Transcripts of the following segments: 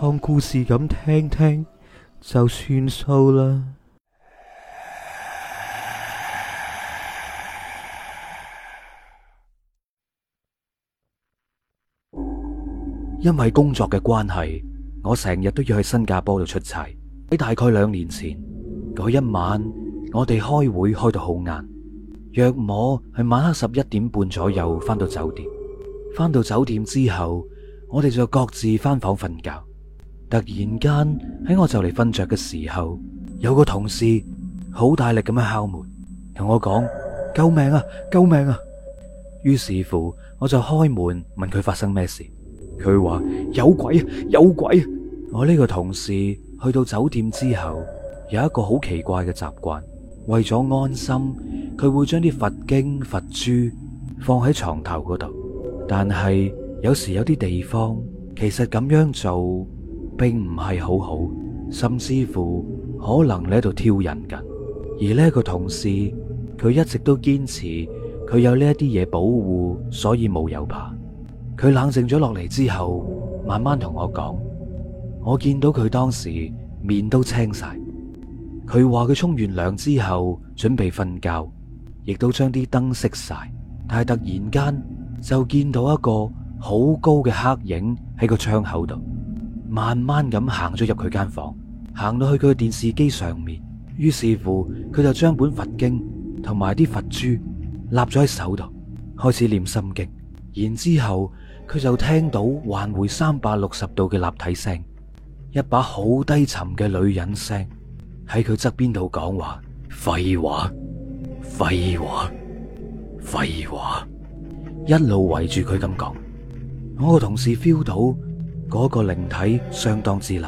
當故事咁聽聽就算數啦。因為工作嘅關係，我成日都要去新加坡度出差。喺大概兩年前嗰一晚，我哋開會開到好晏，約摸係晚黑十一點半左右翻到酒店。翻到酒店之後，我哋就各自翻房瞓覺。突然間喺我就嚟瞓着嘅時候，有個同事好大力咁樣敲門，同我講：救命啊！救命啊！於是乎，我就開門問佢發生咩事。佢話有鬼啊！有鬼啊！我呢個同事去到酒店之後，有一個好奇怪嘅習慣，為咗安心，佢會將啲佛經、佛珠放喺床頭嗰度。但係有時有啲地方其實咁樣做，並唔係好好，甚至乎可能你喺度挑釁緊。而呢一個同事，佢一直都堅持佢有呢一啲嘢保護，所以冇有怕。佢冷靜咗落嚟之後，慢慢同我講，我見到佢當時面都青晒。佢話佢沖完涼之後準備瞓覺，亦都將啲燈熄晒，但係突然間就見到一個好高嘅黑影喺個窗口度。慢慢咁行咗入佢間房，行到去佢嘅電視機上面，於是乎佢就將本佛經同埋啲佛珠立咗喺手度，開始念心經。然之後佢就聽到環回三百六十度嘅立體聲，一把好低沉嘅女人聲喺佢側邊度講話：廢話，廢話，廢話，一路圍住佢咁講。我個同事 feel 到。嗰個靈體相當自留，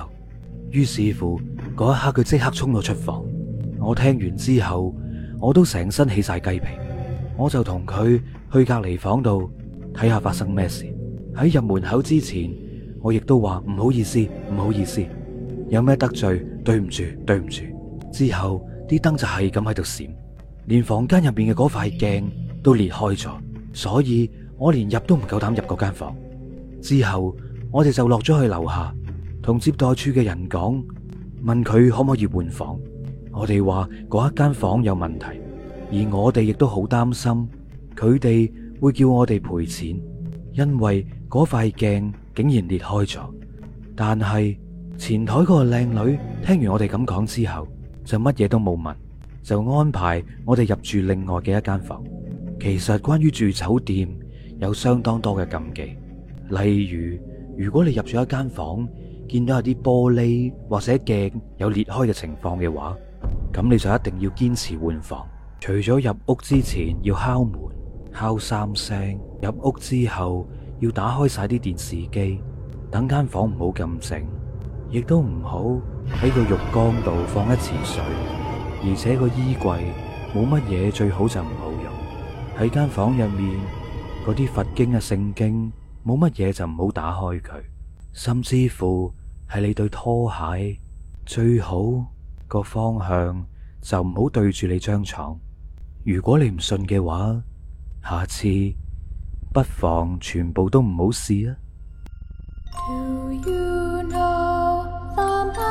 於是乎嗰一刻佢即刻衝咗出房。我聽完之後，我都成身起晒雞皮。我就同佢去隔離房度睇下發生咩事。喺入門口之前，我亦都話，唔好意思，唔好意思，有咩得罪，對唔住，對唔住。之後啲燈就係咁喺度閃，連房間入邊嘅嗰塊鏡都裂開咗，所以我連入都唔夠膽入嗰間房間。之後。我哋就落咗去樓下，同接待處嘅人講，問佢可唔可以換房。我哋話嗰一間房有問題，而我哋亦都好擔心佢哋會叫我哋賠錢，因為嗰塊鏡竟然裂開咗。但係前台嗰個靚女聽完我哋咁講之後，就乜嘢都冇問，就安排我哋入住另外嘅一間房。其實關於住酒店有相當多嘅禁忌，例如，如果你入咗一間房間，見到有啲玻璃或者鏡有裂開嘅情況嘅話，咁你就一定要堅持換房。除咗入屋之前要敲門敲三聲，入屋之後要打開晒啲電視機，等間房唔好咁靜，亦都唔好喺個浴缸度放一池水，而且個衣櫃冇乜嘢最好就唔好用。喺間房入面嗰啲佛經啊、聖經。冇乜嘢就唔好打開佢，甚至乎係你對拖鞋最好個方向就唔好對住你張床。如果你唔信嘅話，下次不妨全部都唔好試啊。